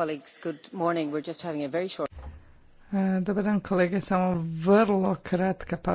E, dobar dan kolege, samo vrlo kratka pa